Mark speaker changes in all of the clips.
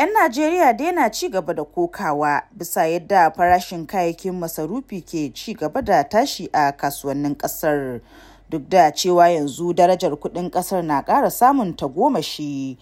Speaker 1: 'Yan Najeriya dai ci gaba da kokawa bisa yadda farashin kayayyakin masarufi ke ci gaba da tashi a kasuwannin ƙasar, duk da cewa yanzu darajar kuɗin ƙasar na ƙara samun tagomashi.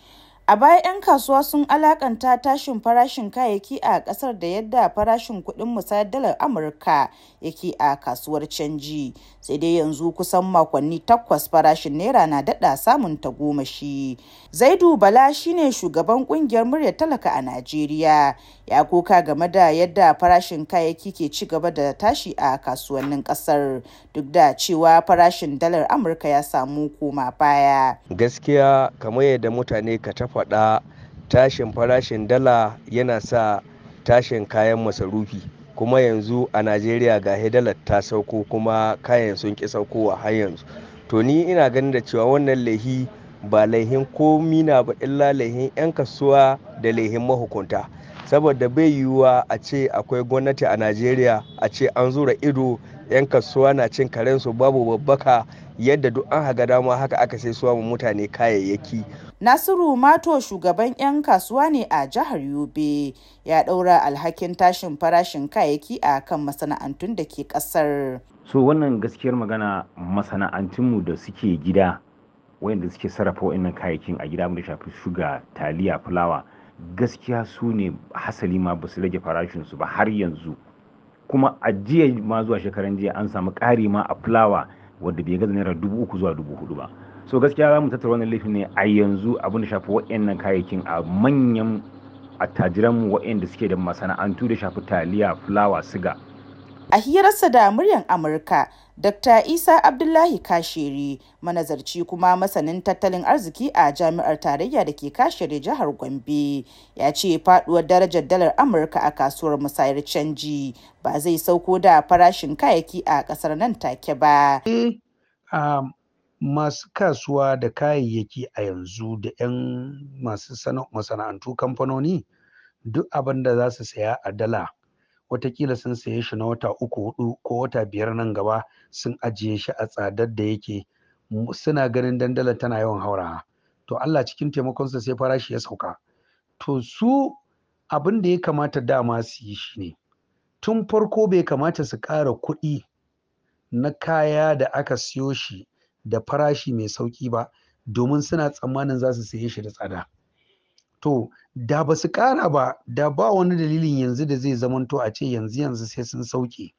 Speaker 1: A baya, 'yan kasuwa sun alaƙanta tashin farashin kayayyaki a ƙasar da yadda farashin kuɗin musayar dalar Amurka yake a kasuwar canji, sai dai yanzu kusan makonni takwas farashin Naira na daɗa samun tagomashi. Zaidu Bala shine shugaban ƙungiyar muryar talaka a Najeriya, ya koka game da yadda farashin kayayyaki ke ci gaba da tashi a kasuwannin ƙasar, duk da cewa farashin dalar Amurka ya samu koma baya.
Speaker 2: Gaskiya kamar yadda mutane ka tafa faɗa tashin farashin dala yana sa tashin kayan masarufi kuma yanzu a najeriya ga dalar ta sauko kuma kayan sun ƙi saukowa har yanzu to ni ina ganin da cewa wannan laihi ba laihin komi na ba illa laihin 'yan kasuwa da laihin mahukunta saboda bai yiwuwa a ce akwai gwamnati a najeriya a ce an zura ido 'yan kasuwa na cin karensu babu babbaka yadda duk an haga dama haka aka sai suwa mutane kayayyaki
Speaker 1: Nasiru Mato shugaban 'yan kasuwa ne a jihar Yobe ya ɗaura alhakin tashin farashin kayayyaki a kan masana'antun da ke kasar.
Speaker 3: So wannan gaskiyar magana masana'antunmu da suke gida wayanda suke sarrafa wa'annan kayayyakin a gida da shafi shuga, taliya, fulawa gaskiya su ne hasali ma ba su rage farashinsu ba har yanzu. Kuma a jiya ma zuwa shekaran jiya an samu ƙari ma a fulawa wadda bai gaza naira dubu uku zuwa dubu hudu ba. so gaskiya za mu tattara wannan laifin ne a yanzu abin da shafi waɗannan kayayyakin a manyan attajiranmu waɗanda suke da masana'antu da shafi taliya fulawa siga
Speaker 1: a hirarsa da muryar amurka dr isa abdullahi kashiri manazarci kuma masanin tattalin arziki a jami'ar tarayya da ke kashiri jihar gombe ya ce faduwar darajar dalar amurka a kasuwar musayar canji ba zai sauko da farashin kayayyaki a kasar nan take ba eh,
Speaker 4: um, masu kasuwa da kayayyaki a yanzu da 'yan masu masana'antu kamfanoni duk abin da za su saya a dala watakila sun saye shi na wata uku hudu ko wata biyar nan gaba sun ajiye shi a tsadar da yake suna ganin dandala tana yawan haurawa to Allah cikin taimakonsa sai farashi ya sauka to su abin da ya kamata dama su yi shi ne tun farko bai kamata su ƙara kuɗi na kaya da aka siyo shi da farashi mai sauƙi ba domin suna tsammanin za su saye shi da tsada to da ba su ƙara ba da ba wani dalilin yanzu da zai zamanto a ce yanzu yanzu sai sun sauke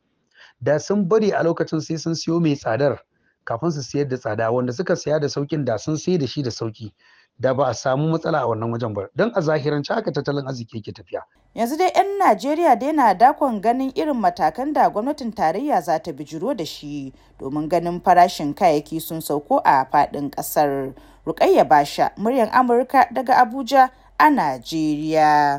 Speaker 4: da sun bari a lokacin sai sun siyo mai tsadar kafin su sayar da tsada wanda suka siya da saukin da sun sai da shi da sauki da ba a samu matsala a wannan wajen ba don a zahiran haka tattalin
Speaker 1: arziki yake tafiya yanzu dai 'yan najeriya dai na dakon ganin irin matakan da gwamnatin tarayya za ta bijiro da shi domin ganin farashin kayayyaki sun sauko a faɗin ƙasar rukayya basha muryar amurka daga abuja a najeriya